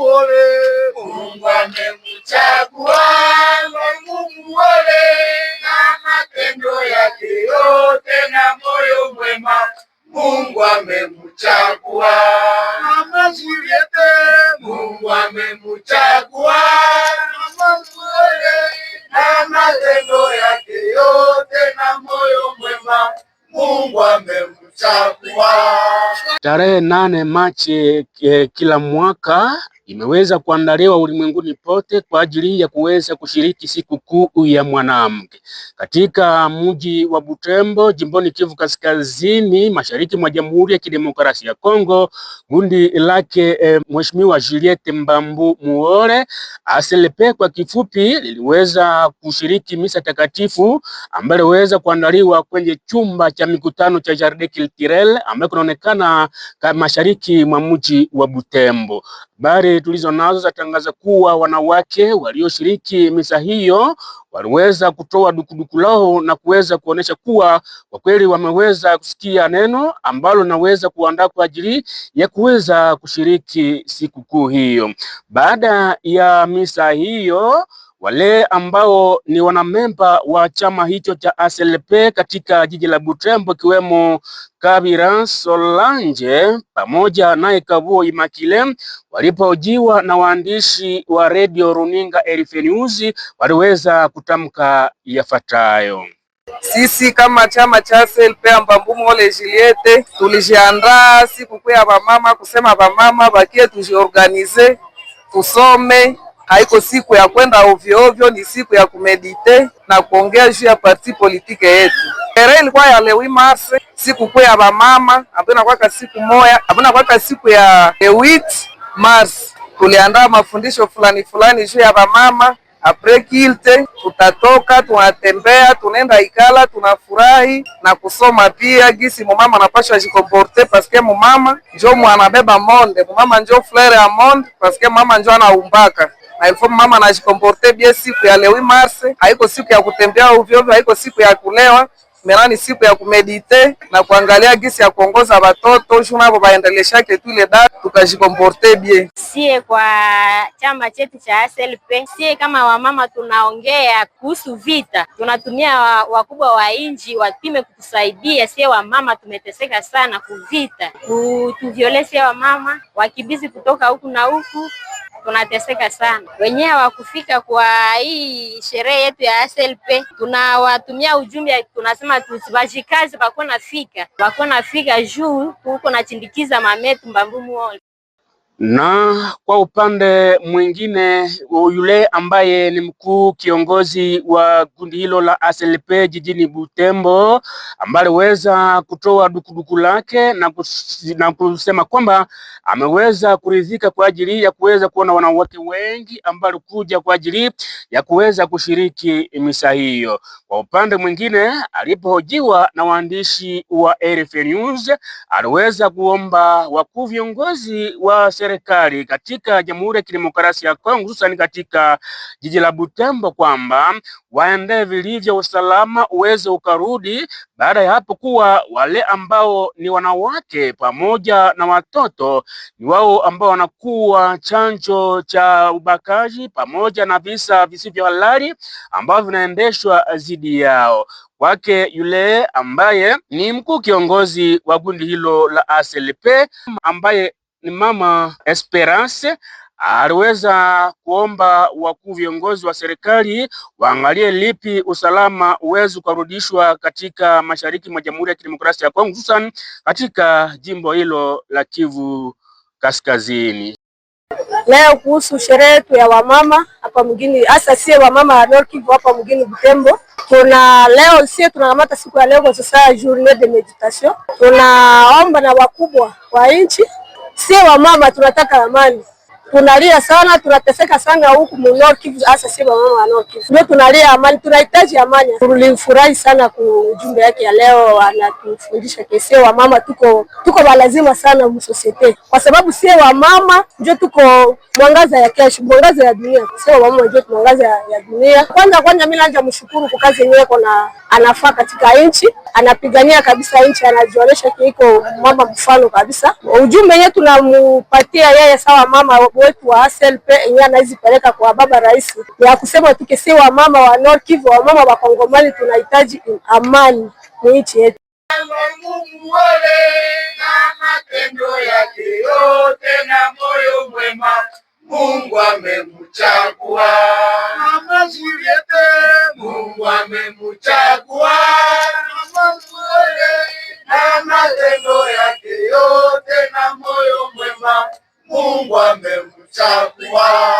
ole! Mungu amemchagua Mungu Na matendo yake yote na moyo mwema Mungu amemchagua Mungu amemchagua na matendo yake yote na moyo mwema Mungu amemchagua. Tarehe nane Machi eh, kila mwaka imeweza kuandaliwa ulimwenguni pote kwa ajili ya kuweza kushiriki sikukuu ya mwanamke. Katika mji wa Butembo, jimboni Kivu Kaskazini, mashariki mwa Jamhuri ya Kidemokrasia ya Kongo, kundi lake e, Mheshimiwa Juliette Mbambu Muore aselepe kwa kifupi, liliweza kushiriki misa takatifu ambayo iliweza kuandaliwa kwenye chumba cha mikutano cha Jardin Culturel ambayo kunaonekana mashariki mwa mji wa Butembo. Habari tulizo nazo zatangaza kuwa wanawake walioshiriki misa hiyo waliweza kutoa dukuduku lao na kuweza kuonesha kuwa kwa kweli wameweza kusikia neno ambalo linaweza kuandaa kwa ajili ya kuweza kushiriki sikukuu hiyo. Baada ya misa hiyo wale ambao ni wanamemba wa chama hicho cha ACLP katika jiji la Butembo ikiwemo Kabira Solange pamoja naye Kavuo Imakile walipojiwa na waandishi wa redio runinga RF News waliweza kutamka yafuatayo. Sisi kama chama cha ACLP Ambambumu Ole Juliette tulijiandaa siku kuu ya wamama kusema vamama bakie tujiorganize tusome haiko siku ya kwenda ovyo ovyo, ni siku ya kumedite na kuongea juu ya parti politike yetu. Sherehe ilikuwa ya lewi marse, siku kuu ya bamama ambayo kwaka siku moya ambayo kwaka siku ya lewit mars. Tuliandaa mafundisho fulani fulani juu ya bamama apre kilte tutatoka, tunatembea, tunaenda ikala, tunafurahi na kusoma pia gisi mumama anapasha jikomporte, paske mumama njo mwanabeba monde, mumama njo flere ya monde, paske mumama njo anaumbaka nailfomu mama najikomporte bie. Siku ya lewi marse haiko siku ya kutembea uvyovyo, haiko siku ya kulewa merani, siku ya kumedite na kuangalia gisi ya kuongoza watoto juma navo vaendeleshake tuile da tukajikomporte bie. Sie kwa chama chetu cha SLP, sie kama wamama tunaongea kuhusu vita, tunatumia wakubwa wa inji wapime kutusaidia. Sie wamama tumeteseka sana kuvita, kutuvyole sie wamama wakibizi kutoka huku na huku tunateseka sana. Wenyewe hawakufika kwa hii sherehe yetu ya SLP, tunawatumia ujumbe, tunasema tusibashikazi wako nafika wako nafika juu tuko nachindikiza mametu mbambumu na kwa upande mwingine yule ambaye ni mkuu kiongozi wa kundi hilo la SLP jijini Butembo, ambaye aliweza kutoa dukuduku lake na, kus, na kusema kwamba ameweza kuridhika kwa ajili ya kuweza kuona wanawake wengi ambao walikuja kwa ajili ya kuweza kushiriki misa hiyo. Kwa upande mwingine, alipohojiwa na waandishi wa RFI News, aliweza kuomba wakuu viongozi wa serikali katika Jamhuri ya Kidemokrasia ya Kongo, hususani katika jiji la Butembo, kwamba waendee vilivyo usalama uweze ukarudi. Baada ya hapo kuwa wale ambao ni wanawake pamoja na watoto ni wao ambao wanakuwa chanjo cha ubakaji pamoja na visa visivyo halali ambavyo vinaendeshwa dhidi yao wake yule ambaye ni mkuu kiongozi wa kundi hilo la ASLP ambaye ni mama Esperance aliweza kuomba wakuu viongozi wa serikali waangalie lipi usalama uweze ukarudishwa katika mashariki mwa Jamhuri ya Kidemokrasia ya Kongo, hususan katika jimbo hilo la Kivu Kaskazini. Leo kuhusu sherehe yetu ya wamama hapa mgini, hasa sie wamama wa Nord Kivu hapa mgini Butembo, tuna leo sie tunakamata siku ya leo kwa sasa journée de méditation, tunaomba na wakubwa wa nchi si wamama tunataka amani. Tunalia sana, tunateseka sana huku Nord Kivu, hasa si wamama wa Kivu ndio tunalia amani, tunahitaji amani. Tulifurahi sana ujumbe yake ya leo, anatufundisha kesi wamama tuko tuko lazima sana msosiete, kwa sababu si wamama ndio tuko mwangaza ya kesho, mwangaza ya dunia. Si wamama ndio mwangaza ya dunia. Kwanza kwanza mimi naanza mshukuru kwa kazi yenyewe na anafaa katika nchi, anapigania kabisa nchi, anajionyesha kiiko mama mfano kabisa. Ujumbe yenyewe tunamupatia yeye sawa mama wetu wa yeye yenyewe peleka kwa baba rais, ya kusema tukisi wa mama wa North Kivu, wa mama wa Kongomani, tunahitaji amani mu nchi yetu. Mungu na matendo yake yote na moyo mwema Mungu amemchagua Mama Juliette, Mungu amemchagua Chakua